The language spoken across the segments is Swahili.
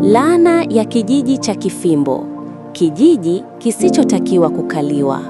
Laana ya kijiji cha Kifimbo, kijiji kisichotakiwa kukaliwa.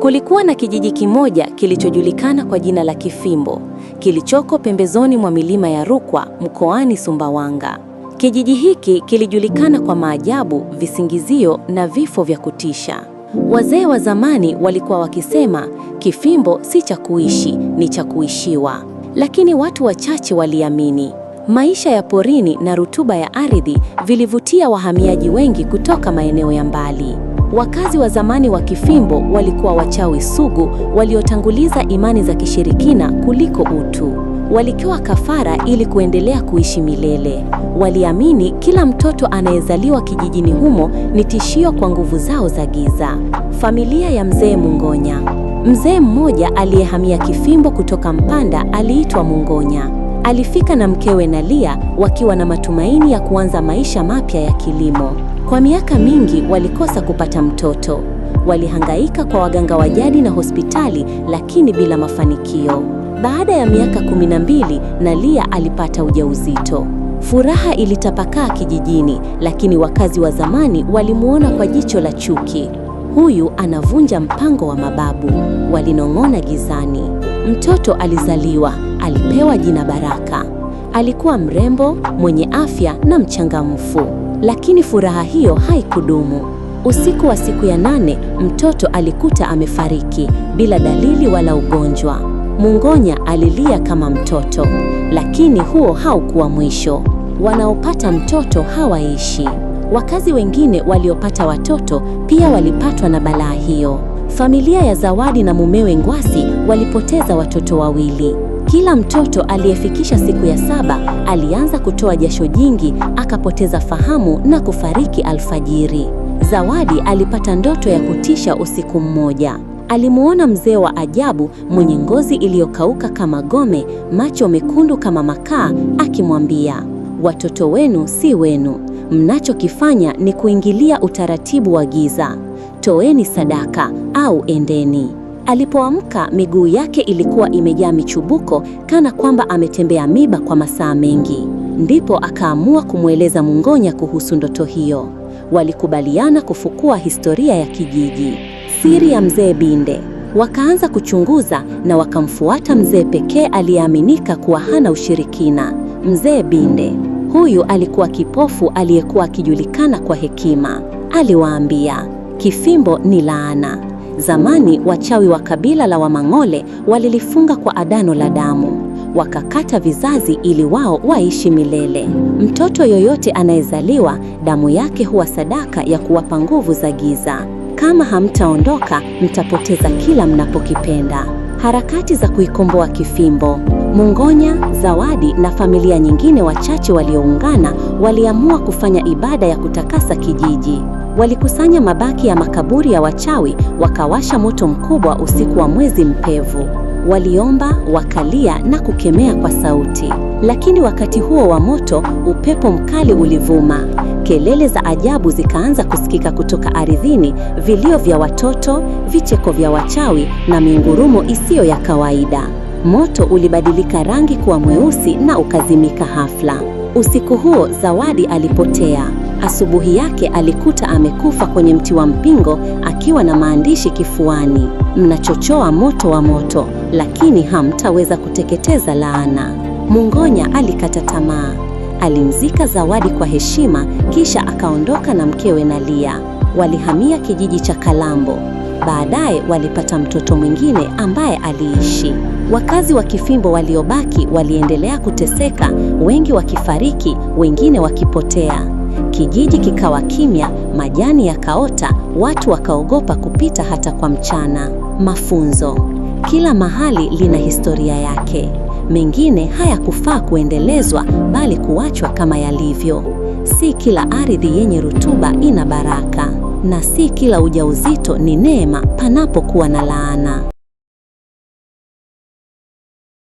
Kulikuwa na kijiji kimoja kilichojulikana kwa jina la Kifimbo, kilichoko pembezoni mwa milima ya Rukwa mkoani Sumbawanga. Kijiji hiki kilijulikana kwa maajabu, visingizio na vifo vya kutisha. Wazee wa zamani walikuwa wakisema Kifimbo si cha kuishi, ni cha kuishiwa, lakini watu wachache waliamini. Maisha ya porini na rutuba ya ardhi vilivutia wahamiaji wengi kutoka maeneo ya mbali. Wakazi wa zamani wa Kifimbo walikuwa wachawi sugu waliotanguliza imani za kishirikina kuliko utu. walikiwa kafara ili kuendelea kuishi milele. Waliamini kila mtoto anayezaliwa kijijini humo ni tishio kwa nguvu zao za giza. Familia ya Mzee Mungonya. Mzee mmoja aliyehamia Kifimbo kutoka Mpanda aliitwa Mungonya. Alifika na mkewe Nalia wakiwa na matumaini ya kuanza maisha mapya ya kilimo. Kwa miaka mingi walikosa kupata mtoto. Walihangaika kwa waganga wa jadi na hospitali lakini bila mafanikio. Baada ya miaka kumi na mbili, Nalia alipata ujauzito. Furaha ilitapakaa kijijini, lakini wakazi wa zamani walimwona kwa jicho la chuki huyu anavunja mpango wa mababu, walinong'ona gizani. Mtoto alizaliwa, alipewa jina Baraka. Alikuwa mrembo, mwenye afya na mchangamfu, lakini furaha hiyo haikudumu. Usiku wa siku ya nane, mtoto alikuta amefariki bila dalili wala ugonjwa. Mungonya alilia kama mtoto, lakini huo haukuwa mwisho. Wanaopata mtoto hawaishi. Wakazi wengine waliopata watoto pia walipatwa na balaa hiyo. Familia ya Zawadi na mumewe Ngwasi walipoteza watoto wawili. Kila mtoto aliyefikisha siku ya saba alianza kutoa jasho jingi, akapoteza fahamu na kufariki alfajiri. Zawadi alipata ndoto ya kutisha usiku mmoja. Alimuona mzee wa ajabu mwenye ngozi iliyokauka kama gome, macho mekundu kama makaa, akimwambia, watoto wenu si wenu mnachokifanya ni kuingilia utaratibu wa giza. Toeni sadaka au endeni. Alipoamka miguu yake ilikuwa imejaa michubuko, kana kwamba ametembea miba kwa masaa mengi. Ndipo akaamua kumweleza Mungonya kuhusu ndoto hiyo. Walikubaliana kufukua historia ya kijiji, siri ya mzee Binde. Wakaanza kuchunguza na wakamfuata mzee pekee aliyeaminika kuwa hana ushirikina, mzee Binde. Huyu alikuwa kipofu aliyekuwa akijulikana kwa hekima. Aliwaambia, kifimbo ni laana. Zamani wachawi wa kabila la Wamang'ole walilifunga kwa adano la damu wakakata vizazi ili wao waishi milele. Mtoto yoyote anayezaliwa damu yake huwa sadaka ya kuwapa nguvu za giza. Kama hamtaondoka mtapoteza kila mnapokipenda harakati za kuikomboa Kifimbo. Mungonya, Zawadi na familia nyingine wachache walioungana waliamua kufanya ibada ya kutakasa kijiji. Walikusanya mabaki ya makaburi ya wachawi, wakawasha moto mkubwa usiku wa mwezi mpevu. Waliomba, wakalia na kukemea kwa sauti. Lakini wakati huo wa moto, upepo mkali ulivuma. Kelele za ajabu zikaanza kusikika kutoka ardhini, vilio vya watoto, vicheko vya wachawi na mingurumo isiyo ya kawaida. Moto ulibadilika rangi kuwa mweusi na ukazimika hafla. Usiku huo Zawadi alipotea. Asubuhi yake alikuta amekufa kwenye mti wa mpingo akiwa na maandishi kifuani: mnachochoa moto wa moto, lakini hamtaweza kuteketeza laana. Mungonya alikata tamaa. Alimzika Zawadi kwa heshima kisha akaondoka na mkewe na lia Walihamia kijiji cha Kalambo. Baadaye walipata mtoto mwingine ambaye aliishi. Wakazi wa Kifimbo waliobaki waliendelea kuteseka, wengi wakifariki, wengine wakipotea. Kijiji kikawa kimya, majani yakaota, watu wakaogopa kupita hata kwa mchana. Mafunzo: kila mahali lina historia yake mengine hayakufaa kuendelezwa bali kuachwa kama yalivyo. Si kila ardhi yenye rutuba ina baraka, na si kila ujauzito ni neema panapokuwa na laana.